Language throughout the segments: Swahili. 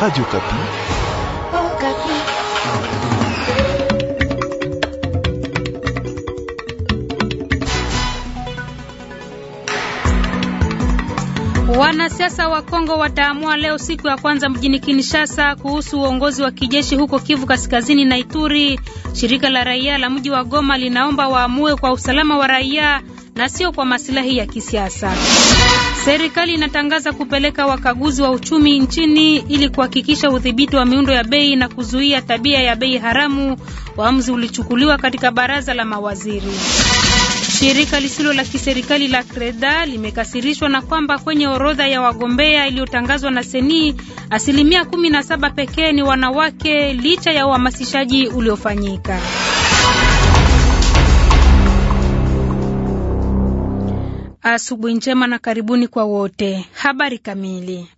Radio Okapi. Oh, Wanasiasa wa Kongo wataamua leo siku ya kwanza mjini Kinshasa kuhusu uongozi wa kijeshi huko Kivu Kaskazini na Ituri. Shirika la raia la mji wa Goma linaomba waamue kwa usalama wa raia na sio kwa masilahi ya kisiasa. Serikali inatangaza kupeleka wakaguzi wa uchumi nchini ili kuhakikisha udhibiti wa miundo ya bei na kuzuia tabia ya bei haramu. Uamuzi ulichukuliwa katika baraza la mawaziri. Shirika lisilo la kiserikali la Kreda limekasirishwa na kwamba kwenye orodha ya wagombea iliyotangazwa na Seni, asilimia 17 pekee ni wanawake licha ya uhamasishaji uliofanyika. Asubuhi njema na karibuni kwa wote. Habari kamili.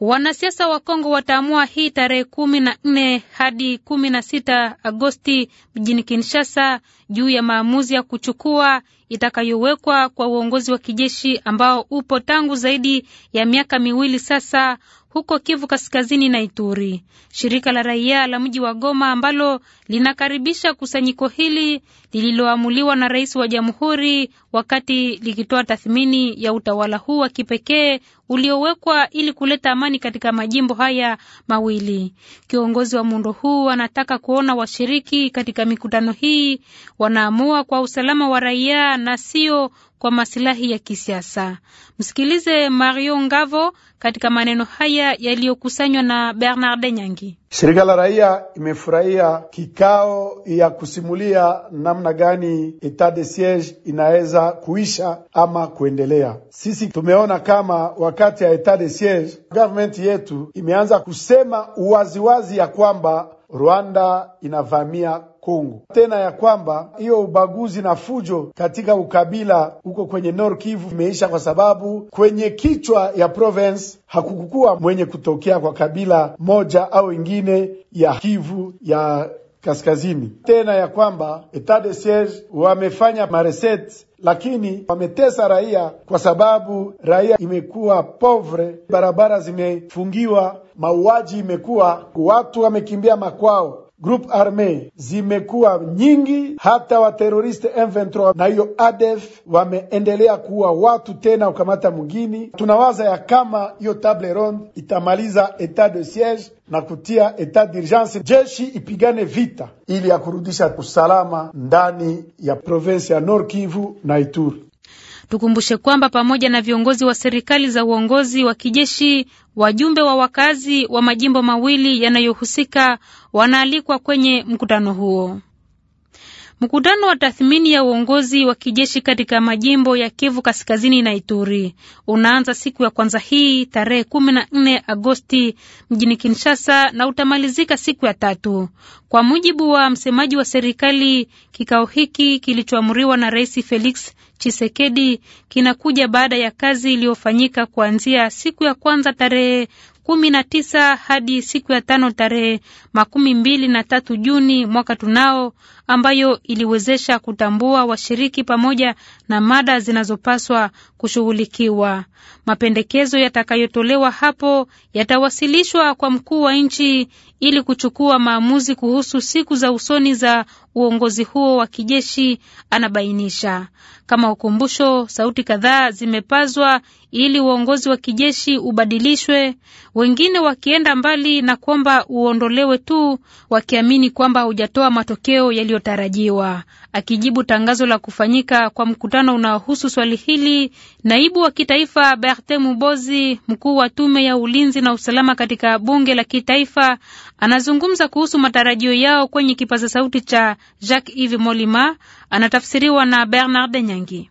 Wanasiasa wa Kongo wataamua hii tarehe kumi na nne hadi kumi na sita Agosti mjini Kinshasa juu ya maamuzi ya kuchukua itakayowekwa kwa uongozi wa kijeshi ambao upo tangu zaidi ya miaka miwili sasa huko Kivu Kaskazini na Ituri. Shirika la raia la mji wa Goma ambalo linakaribisha kusanyiko hili lililoamuliwa na rais wa jamhuri wakati likitoa tathmini ya utawala huu wa kipekee uliowekwa ili kuleta amani katika majimbo haya mawili. Kiongozi wa muundo huu anataka kuona washiriki katika mikutano hii wanaamua kwa usalama wa raia na sio kwa masilahi ya kisiasa. Msikilize Mario Ngavo katika maneno haya yaliyokusanywa na Bernard Nyangi. Shirika la raia imefurahia kikao ya kusimulia namna gani etat de siege inaweza kuisha ama kuendelea. Sisi tumeona kama wakati ya etat de siege government yetu imeanza kusema uwaziwazi ya kwamba Rwanda inavamia Kongo tena, ya kwamba hiyo ubaguzi na fujo katika ukabila huko kwenye Nord Kivu imeisha, kwa sababu kwenye kichwa ya province hakukukuwa mwenye kutokea kwa kabila moja au ingine ya Kivu ya kaskazini, tena ya kwamba etat de siege wamefanya maresete lakini wametesa raia kwa sababu raia imekuwa povre, barabara zimefungiwa, mauaji imekuwa, watu wamekimbia makwao group arme zimekuwa nyingi, hata wateroriste M23 na hiyo ADF wameendelea kuwa watu tena ukamata mwingine. Tunawaza ya kama hiyo table ronde itamaliza etat de siege na kutia etat d'urgence, jeshi ipigane vita ili ya kurudisha usalama ndani ya province ya Nord Kivu na Ituri. Tukumbushe kwamba pamoja na viongozi wa serikali za uongozi wa kijeshi, wajumbe wa wakazi wa majimbo mawili yanayohusika wanaalikwa kwenye mkutano huo. Mkutano wa tathmini ya uongozi wa kijeshi katika majimbo ya Kivu Kaskazini na Ituri unaanza siku ya kwanza hii tarehe kumi na nne Agosti mjini Kinshasa na utamalizika siku ya tatu. Kwa mujibu wa msemaji wa serikali, kikao hiki kilichoamriwa na Rais Felix Chisekedi kinakuja baada ya kazi iliyofanyika kuanzia siku ya kwanza tarehe kumi na tisa hadi siku ya tano tarehe makumi mbili na tatu Juni mwaka tunao ambayo iliwezesha kutambua washiriki pamoja na mada zinazopaswa kushughulikiwa. Mapendekezo yatakayotolewa hapo yatawasilishwa kwa mkuu wa nchi ili kuchukua maamuzi kuhusu siku za usoni za uongozi huo wa kijeshi, anabainisha. Kama ukumbusho, sauti kadhaa zimepazwa ili uongozi wa kijeshi ubadilishwe, wengine wakienda mbali na kwamba uondolewe tu, wakiamini kwamba hujatoa matokeo yaliyo yasiyotarajiwa. Akijibu tangazo la kufanyika kwa mkutano unaohusu swali hili, naibu wa kitaifa Berte Mubozi, mkuu wa tume ya ulinzi na usalama katika bunge la kitaifa, anazungumza kuhusu matarajio yao kwenye kipaza sauti cha Jacques Yves Molima, anatafsiriwa na Bernard Nyangi.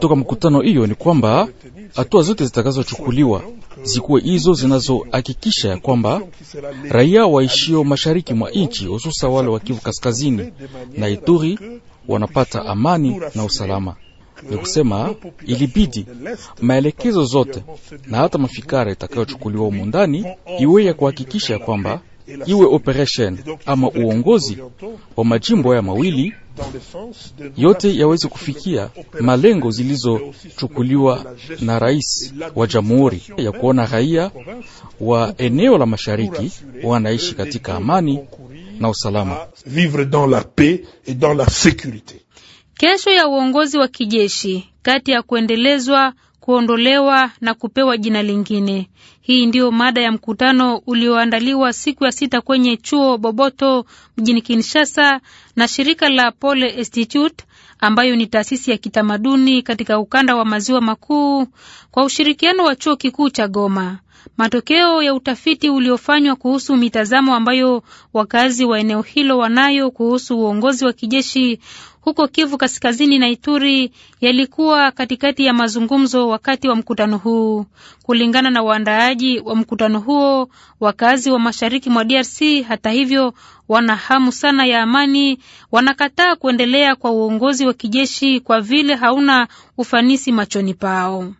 toka mkutano hiyo ni kwamba hatua zote zitakazochukuliwa zikuwe hizo zinazohakikisha ya kwamba raia waishio mashariki mwa nchi hususa wale wa Kivu Kaskazini na Ituri wanapata amani na usalama. Ni kusema ilibidi maelekezo zote na hata mafikara itakayochukuliwa humo ndani iwe ya kuhakikisha kwamba iwe operation ama uongozi wa majimbo haya mawili yote yaweze kufikia malengo zilizochukuliwa na rais wa jamhuri ya kuona raia wa eneo la mashariki wanaishi katika amani na usalama. Vivre dans la paix et dans la sécurité. Kesho ya uongozi wa kijeshi kati ya kuendelezwa, kuondolewa na kupewa jina lingine. Hii ndiyo mada ya mkutano ulioandaliwa siku ya sita kwenye chuo Boboto mjini Kinshasa na shirika la Pole Institute ambayo ni taasisi ya kitamaduni katika ukanda wa maziwa makuu kwa ushirikiano wa chuo kikuu cha Goma. Matokeo ya utafiti uliofanywa kuhusu mitazamo ambayo wakazi wa eneo hilo wanayo kuhusu uongozi wa kijeshi huko Kivu Kaskazini na Ituri yalikuwa katikati ya mazungumzo wakati wa mkutano huu. Kulingana na waandaaji wa mkutano huo, wakazi wa mashariki mwa DRC hata hivyo, wana hamu sana ya amani, wanakataa kuendelea kwa uongozi wa kijeshi kwa vile hauna ufanisi machoni pao.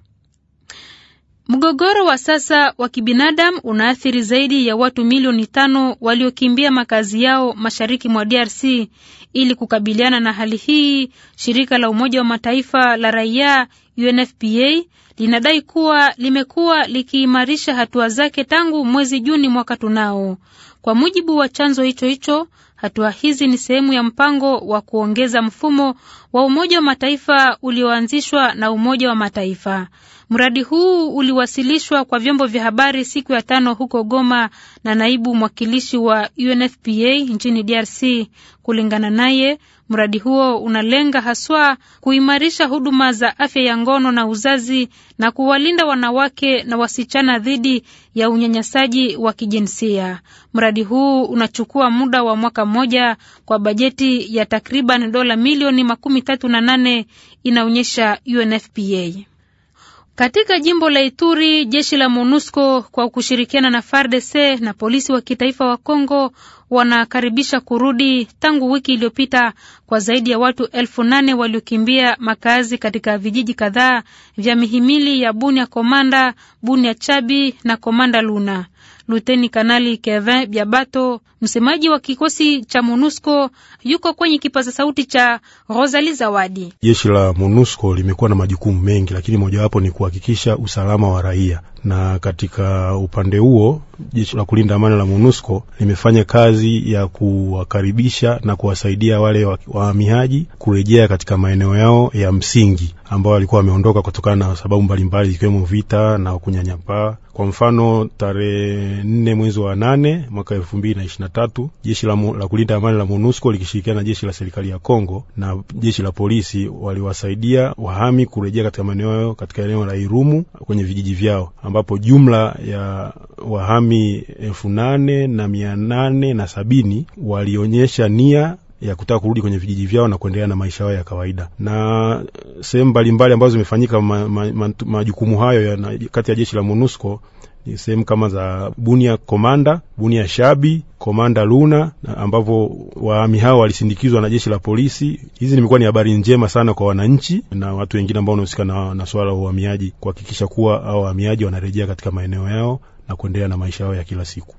Mgogoro wa sasa wa kibinadamu unaathiri zaidi ya watu milioni tano waliokimbia makazi yao mashariki mwa DRC. Ili kukabiliana na hali hii, shirika la Umoja wa Mataifa la raia UNFPA linadai kuwa limekuwa likiimarisha hatua zake tangu mwezi Juni mwaka tunao. Kwa mujibu wa chanzo hicho hicho, hatua hizi ni sehemu ya mpango wa kuongeza mfumo wa Umoja wa Mataifa ulioanzishwa na Umoja wa Mataifa. Mradi huu uliwasilishwa kwa vyombo vya habari siku ya tano huko Goma na naibu mwakilishi wa UNFPA nchini DRC. Kulingana naye, mradi huo unalenga haswa kuimarisha huduma za afya ya ngono na uzazi na kuwalinda wanawake na wasichana dhidi ya unyanyasaji wa kijinsia. Mradi huu unachukua muda wa mwaka mmoja kwa bajeti ya takriban dola milioni makumi tatu na nane, inaonyesha UNFPA. Katika jimbo la Ituri, jeshi la MONUSCO kwa kushirikiana na FARDC na polisi wa kitaifa wa congo wanakaribisha kurudi tangu wiki iliyopita kwa zaidi ya watu elfu nane waliokimbia makazi katika vijiji kadhaa vya mihimili ya Bunia Komanda, Bunia Chabi na Komanda Luna. Luteni Kanali Kevin Biabato Msemaji wa kikosi cha MONUSCO yuko kwenye kipaza sauti cha Rosali Zawadi. Jeshi la MONUSCO limekuwa na majukumu mengi, lakini mojawapo ni kuhakikisha usalama wa raia, na katika upande huo jeshi la kulinda amani la MONUSCO limefanya kazi ya kuwakaribisha na kuwasaidia wale wahamiaji kurejea katika maeneo yao ya msingi ambao walikuwa wameondoka kutokana na sababu mbalimbali ikiwemo vita na kunyanyapaa. Kwa mfano, tarehe nne mwezi wa nane mwaka elfu mbili na ishirini tatu jeshi la, la kulinda amani la MONUSCO likishirikiana na jeshi la serikali ya Kongo na jeshi la polisi waliwasaidia wahami kurejea katika maeneo yao katika eneo la Irumu kwenye vijiji vyao ambapo jumla ya wahami elfu nane na mia nane na sabini walionyesha nia ya kutaka kurudi kwenye vijiji vyao na kuendelea na maisha yao ya kawaida. Na sehemu mbalimbali ambazo zimefanyika majukumu ma, ma, ma, hayo ya, na, kati ya jeshi la MONUSCO sehemu kama za Bunia Komanda, Bunia Shabi, Komanda Luna, ambapo waami hao walisindikizwa na jeshi la polisi. Hizi nimekuwa ni habari njema sana kwa wananchi na watu wengine ambao wanahusika na, na swala la uhamiaji kuhakikisha kuwa hao wahamiaji wanarejea katika maeneo yao na kuendelea na maisha yao ya kila siku.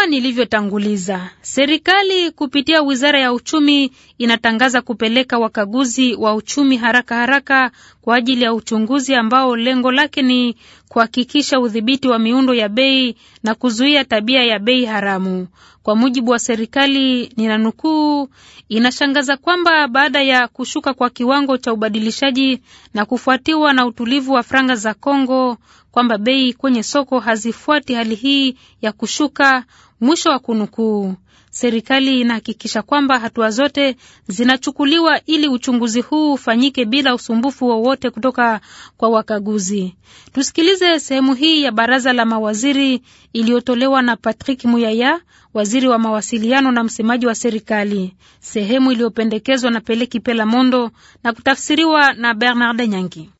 Kama nilivyotanguliza, serikali kupitia wizara ya uchumi inatangaza kupeleka wakaguzi wa uchumi haraka haraka kwa ajili ya uchunguzi ambao lengo lake ni kuhakikisha udhibiti wa miundo ya bei na kuzuia tabia ya bei haramu. Kwa mujibu wa serikali, ninanukuu, inashangaza kwamba baada ya kushuka kwa kiwango cha ubadilishaji na kufuatiwa na utulivu wa franga za Kongo, kwamba bei kwenye soko hazifuati hali hii ya kushuka, mwisho wa kunukuu serikali inahakikisha kwamba hatua zote zinachukuliwa ili uchunguzi huu ufanyike bila usumbufu wowote kutoka kwa wakaguzi. Tusikilize sehemu hii ya baraza la mawaziri iliyotolewa na Patrick Muyaya waziri wa mawasiliano na msemaji wa serikali, sehemu iliyopendekezwa na peleki pela Mondo na kutafsiriwa na Bernard Nyangi.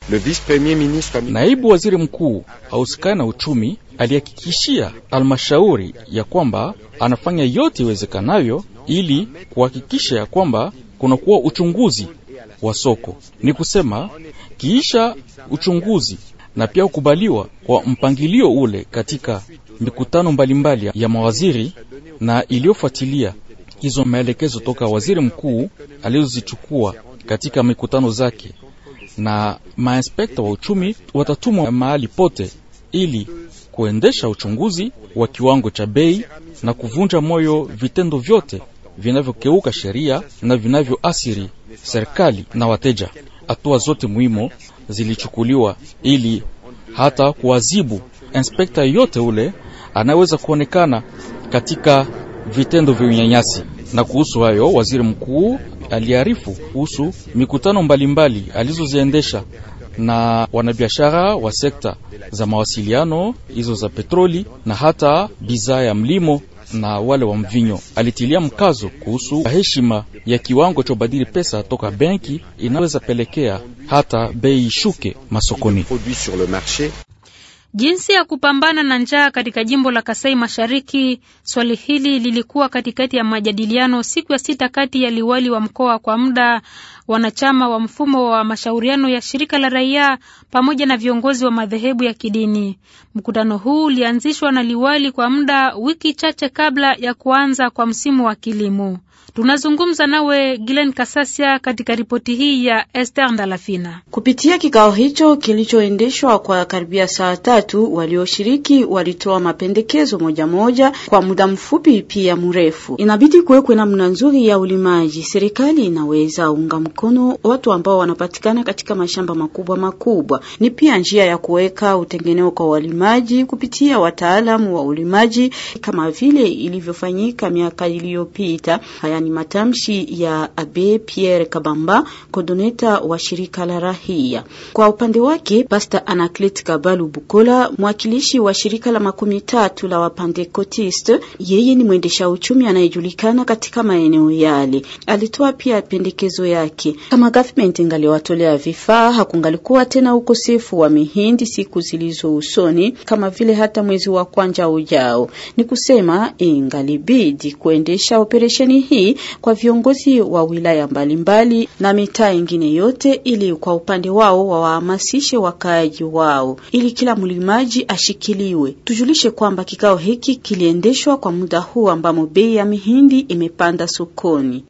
Naibu waziri mkuu ausikani na uchumi alihakikishia almashauri ya kwamba anafanya yote iwezekanayo ili kuhakikisha ya kwamba kunakuwa uchunguzi wa soko, ni kusema kiisha uchunguzi na pia kukubaliwa kwa mpangilio ule katika mikutano mbalimbali mbali ya mawaziri na iliyofuatilia hizo maelekezo toka waziri mkuu alizozichukua katika mikutano zake, na mainspekta wa uchumi watatumwa mahali pote ili kuendesha uchunguzi wa kiwango cha bei na kuvunja moyo vitendo vyote vinavyokeuka sheria na vinavyoathiri serikali na wateja. Hatua zote muhimu zilichukuliwa ili hata kuwazibu inspekta yote ule anaweza kuonekana katika vitendo vya unyanyasi. Na kuhusu hayo, waziri mkuu aliarifu kuhusu mikutano mbalimbali alizoziendesha na wanabiashara wa sekta za mawasiliano hizo za petroli na hata bidhaa ya mlimo na wale wa mvinyo. Alitilia mkazo kuhusu heshima ya kiwango cha ubadili pesa toka benki inaweza pelekea hata bei ishuke masokoni. Jinsi ya kupambana na njaa katika jimbo la Kasai Mashariki, swali hili lilikuwa katikati ya majadiliano siku ya sita kati ya liwali wa mkoa kwa muda, wanachama wa mfumo wa mashauriano ya shirika la raia pamoja na viongozi wa madhehebu ya kidini. Mkutano huu ulianzishwa na liwali kwa muda wiki chache kabla ya kuanza kwa msimu wa kilimo. Tunazungumza nawe Gilen Kasasia katika ripoti hii ya Esther Ndalafina. Kupitia kikao hicho kilichoendeshwa kwa karibia saa tatu, walioshiriki walitoa mapendekezo moja moja kwa muda mfupi pia mrefu. Inabidi kuwekwe namna nzuri ya ulimaji. Serikali inaweza unga mkono watu ambao wanapatikana katika mashamba makubwa makubwa. Ni pia njia ya kuweka utengeneo kwa walimaji kupitia wataalamu wa ulimaji kama vile ilivyofanyika miaka iliyopita. Haya ni matamshi ya Abe Pierre Kabamba, kodoneta wa shirika la rahia. Kwa upande wake, Pasta Anaclet Kabalu Bukola, mwakilishi wa shirika la makumi tatu la Wapandekotiste, yeye ni mwendesha uchumi anayejulikana katika maeneo yale. Alitoa pia pendekezo yake kama government ingaliwatolea vifaa, hakungalikuwa tena ukosefu wa mihindi siku zilizo usoni, kama vile hata mwezi wa kwanja ujao. Ni kusema ingalibidi kuendesha operesheni hii kwa viongozi wa wilaya mbalimbali mbali na mitaa ingine yote, ili kwa upande wao wawahamasishe wakaaji wao, ili kila mlimaji ashikiliwe. Tujulishe kwamba kikao hiki kiliendeshwa kwa muda huu ambamo bei ya mihindi imepanda sokoni.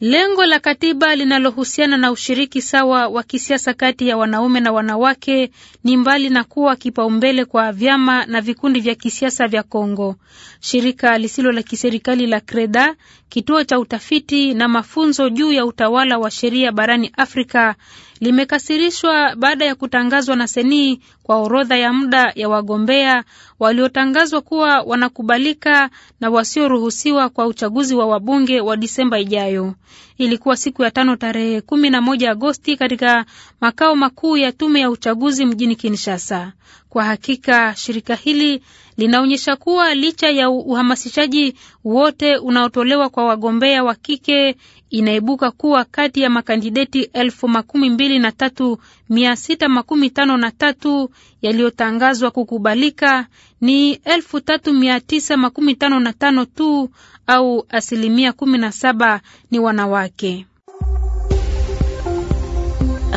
Lengo la katiba linalohusiana na ushiriki sawa wa kisiasa kati ya wanaume na wanawake ni mbali na kuwa kipaumbele kwa vyama na vikundi vya kisiasa vya Kongo. Shirika lisilo la kiserikali la Kreda, kituo cha utafiti na mafunzo juu ya utawala wa sheria barani Afrika limekasirishwa baada ya kutangazwa na Senii kwa orodha ya muda ya wagombea waliotangazwa kuwa wanakubalika na wasioruhusiwa kwa uchaguzi wa wabunge wa Disemba ijayo. Ilikuwa siku ya tano tarehe kumi na moja Agosti katika makao makuu ya tume ya uchaguzi mjini Kinshasa. Kwa hakika shirika hili linaonyesha kuwa licha ya uhamasishaji wote unaotolewa kwa wagombea wa kike, inaibuka kuwa kati ya makandideti elfu makumi mbili na tatu mia sita makumi tano na tatu yaliyotangazwa kukubalika ni elfu tatu mia tisa makumi tano na tano tu au asilimia kumi na saba ni wanawake.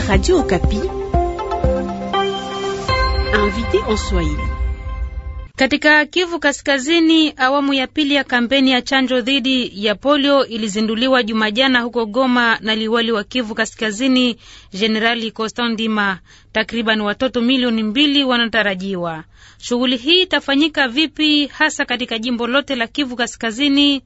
Radio invité en Swahili. Katika Kivu Kaskazini, awamu ya pili ya kampeni ya chanjo dhidi ya polio ilizinduliwa Jumajana huko Goma na liwali wa Kivu Kaskazini, generali Constant Ndima. Takriban watoto milioni mbili wanatarajiwa. Shughuli hii itafanyika vipi hasa katika jimbo lote la Kivu Kaskazini?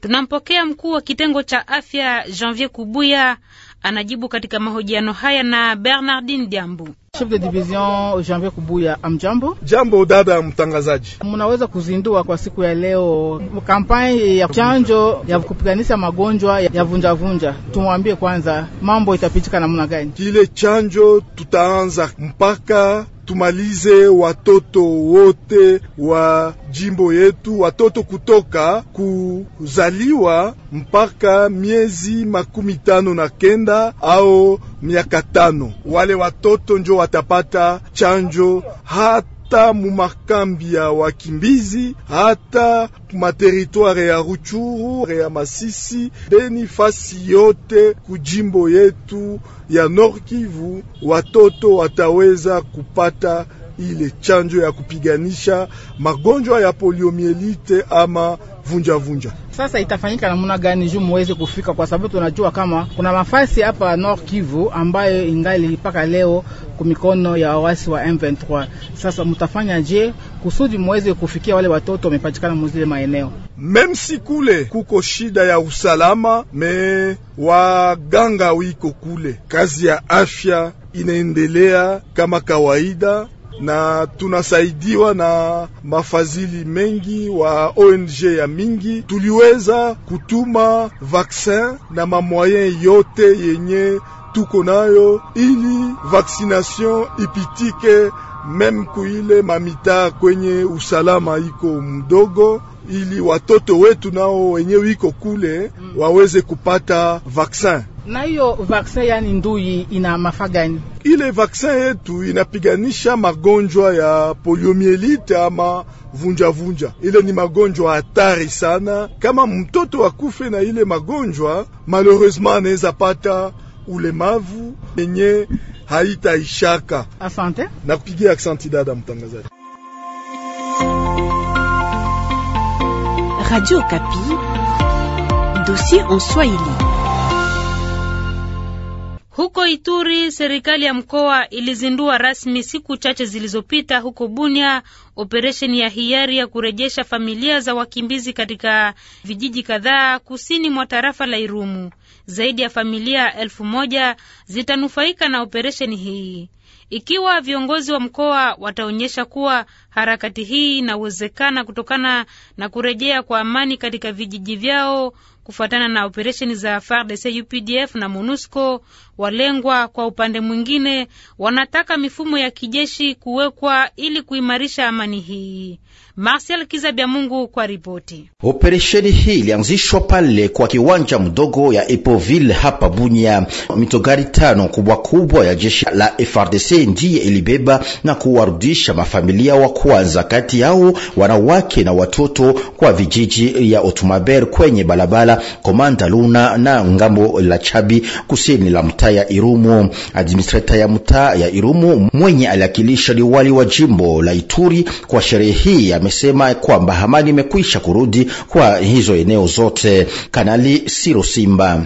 Tunampokea mkuu wa kitengo cha afya Janvier Kubuya, anajibu katika mahojiano haya na Bernardin Diambu. Chef de division Janvier Kubuya, amjambo. Jambo dada mtangazaji, munaweza kuzindua kwa siku ya leo kampanye ya chanjo ya kupiganisha magonjwa ya vunjavunja. Tumwambie kwanza mambo itapitika namna gani? Kile chanjo tutaanza mpaka tumalize watoto wote wa jimbo yetu, watoto kutoka kuzaliwa mpaka miezi makumi tano na kenda au miaka tano. Wale watoto njo watapata chanjo hata mumakambi ya wakimbizi, hata materitware ya Ruchuru ya Masisi, deni fasi yote kujimbo yetu ya Nord Kivu, watoto wataweza kupata ile chanjo ya kupiganisha magonjwa ya poliomielite ama vunja vunja. Sasa itafanyika namna gani juu muweze kufika? Kwa sababu tunajua kama kuna mafasi hapa North Kivu ambayo ingali mpaka leo kumikono ya wawasi wa M23. Sasa mtafanya je kusudi muweze kufikia wale watoto wamepatikana muzile maeneo? Meme si kule kuko shida ya usalama, me waganga wiko kule, kazi ya afya inaendelea kama kawaida na tunasaidiwa na mafadhili mengi wa ONG ya mingi. Tuliweza kutuma vaksin na mamoyen yote yenye tuko nayo ili vaksination ipitike meme kuile mamita kwenye usalama iko mdogo, ili watoto wetu nao wenyewe iko kule mm. waweze kupata vaksin. Na hiyo vaksin yani ndui ina mafaa gani? Ile vaksin yetu inapiganisha magonjwa ya poliomielite ama vunjavunja. Ile ni magonjwa hatari sana, kama mtoto akufe na ile magonjwa, malheureusement anaweza pata ulemavu yenye haitaishaka. Asante na kupigia aksanti dada mtangazaji. Radio Kapi, dossier en Swahili. Huko Ituri, serikali ya mkoa ilizindua rasmi siku chache zilizopita huko Bunia operesheni ya hiari ya kurejesha familia za wakimbizi katika vijiji kadhaa kusini mwa tarafa la Irumu. Zaidi ya familia elfu moja zitanufaika na operesheni hii ikiwa viongozi wa mkoa wataonyesha kuwa harakati hii inawezekana kutokana na kurejea kwa amani katika vijiji vyao kufuatana na operesheni za FARDC, UPDF na MONUSCO. Walengwa kwa upande mwingine wanataka mifumo ya kijeshi kuwekwa ili kuimarisha amani hii. Marcel Kizabia Mungu kwa ripoti. Operesheni hii ilianzishwa pale kwa kiwanja mdogo ya Epoville hapa Bunya. gari tano kubwa kubwa ya jeshi la FRDC ndiye ilibeba na kuwarudisha mafamilia wa kwanza, kati yao wanawake na watoto, kwa vijiji ya Otumaber kwenye balabala Komanda Luna na ngambo la Chabi kusini la mta kata ya Irumu. Administrator ya mtaa ya Irumu mwenye aliakilisha liwali wa jimbo la Ituri kwa sherehe hii amesema kwamba amani imekwisha kurudi kwa hizo eneo zote. Kanali Siro Simba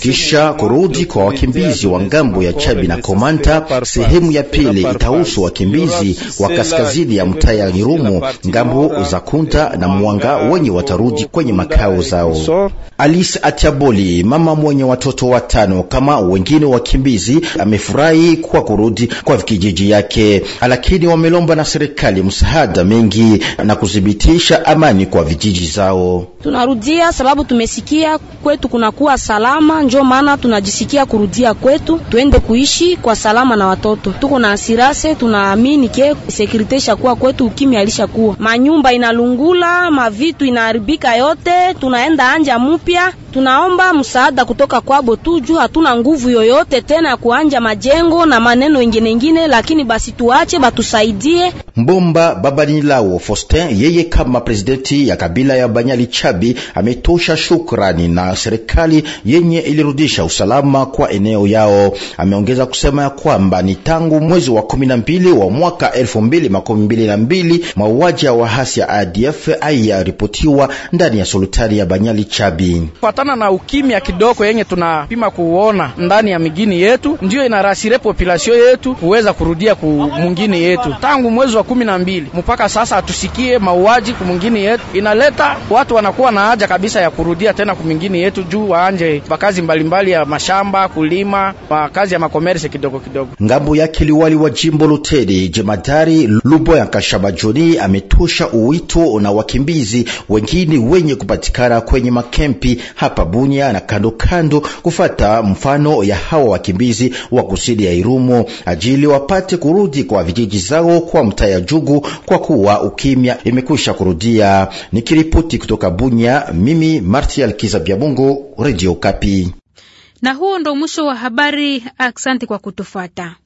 kisha kurudi kwa wakimbizi wa ngambo ya Chabi na Komanda. Sehemu ya pili itahusu wakimbizi wa kaskazini ya mtaa ya Irumu, ngambo za Kunda na Mwanga wenye watarudi kwenye makao zao. Alice Atiaboli, mama mwenye watoto watano kama wengine hilo wakimbizi amefurahi kwa kurudi kwa kijiji yake, lakini wamelomba na serikali msaada mengi na kudhibitisha amani kwa vijiji zao. Tunarudia sababu tumesikia kwetu kunakuwa salama, njo maana tunajisikia kurudia kwetu, tuende kuishi kwa salama na watoto. Tuko na asirase, tunaamini ke sekurite ishakuwa kwetu, ukimya alishakuwa, manyumba inalungula, mavitu inaharibika yote, tunaenda anja mupya. Tunaomba msaada kutoka kwabo tu juu hatuna nguvu yoyote yote tena kuanja majengo na maneno ingine ingine, lakini basi tuache batusaidie. Mbomba babanilao Faustin, yeye kama presidenti ya kabila ya Banyali Chabi, ametosha shukrani na serikali yenye ilirudisha usalama kwa eneo yao. Ameongeza kusema ya kwamba ni tangu mwezi wa kumi na mbili wa mwaka elfu mbili makumi mbili na mbili mauaji ya wahasi ya ADF aiyaripotiwa ndani ya sultani ya Banyali Chabi, kufatana na ukimya kidogo yenye tunapima kuona ndani ya migini yetu, ndiyo inarasire populasio yetu kuweza kurudia ku mungini yetu. Tangu mwezi wa kumi na mbili mpaka sasa hatusikie mauaji ku mungini yetu, inaleta watu wanakuwa na haja kabisa ya kurudia tena ku mingini yetu juu waanje makazi mbalimbali ya mashamba, kulima, makazi ya makomerse kidogo kidogo. Ngambo yake liwali wa jimbo Lutedi jemadari Luboya Kashabajoni ametosha uwito na wakimbizi wengine wenye kupatikana kwenye makempi hapa Bunya na kando kando kufata mfano ya hawa wakimbizi wa kusidi ya Irumu ajili wapate kurudi kwa vijiji zao kwa mtaa ya Jugu, kwa kuwa ukimya imekwisha kurudia. Nikiripoti kutoka Bunya, mimi Martial Kizabiamungu, Radio Kapi. Na huo ndo mwisho wa habari. Asante kwa kutufuata.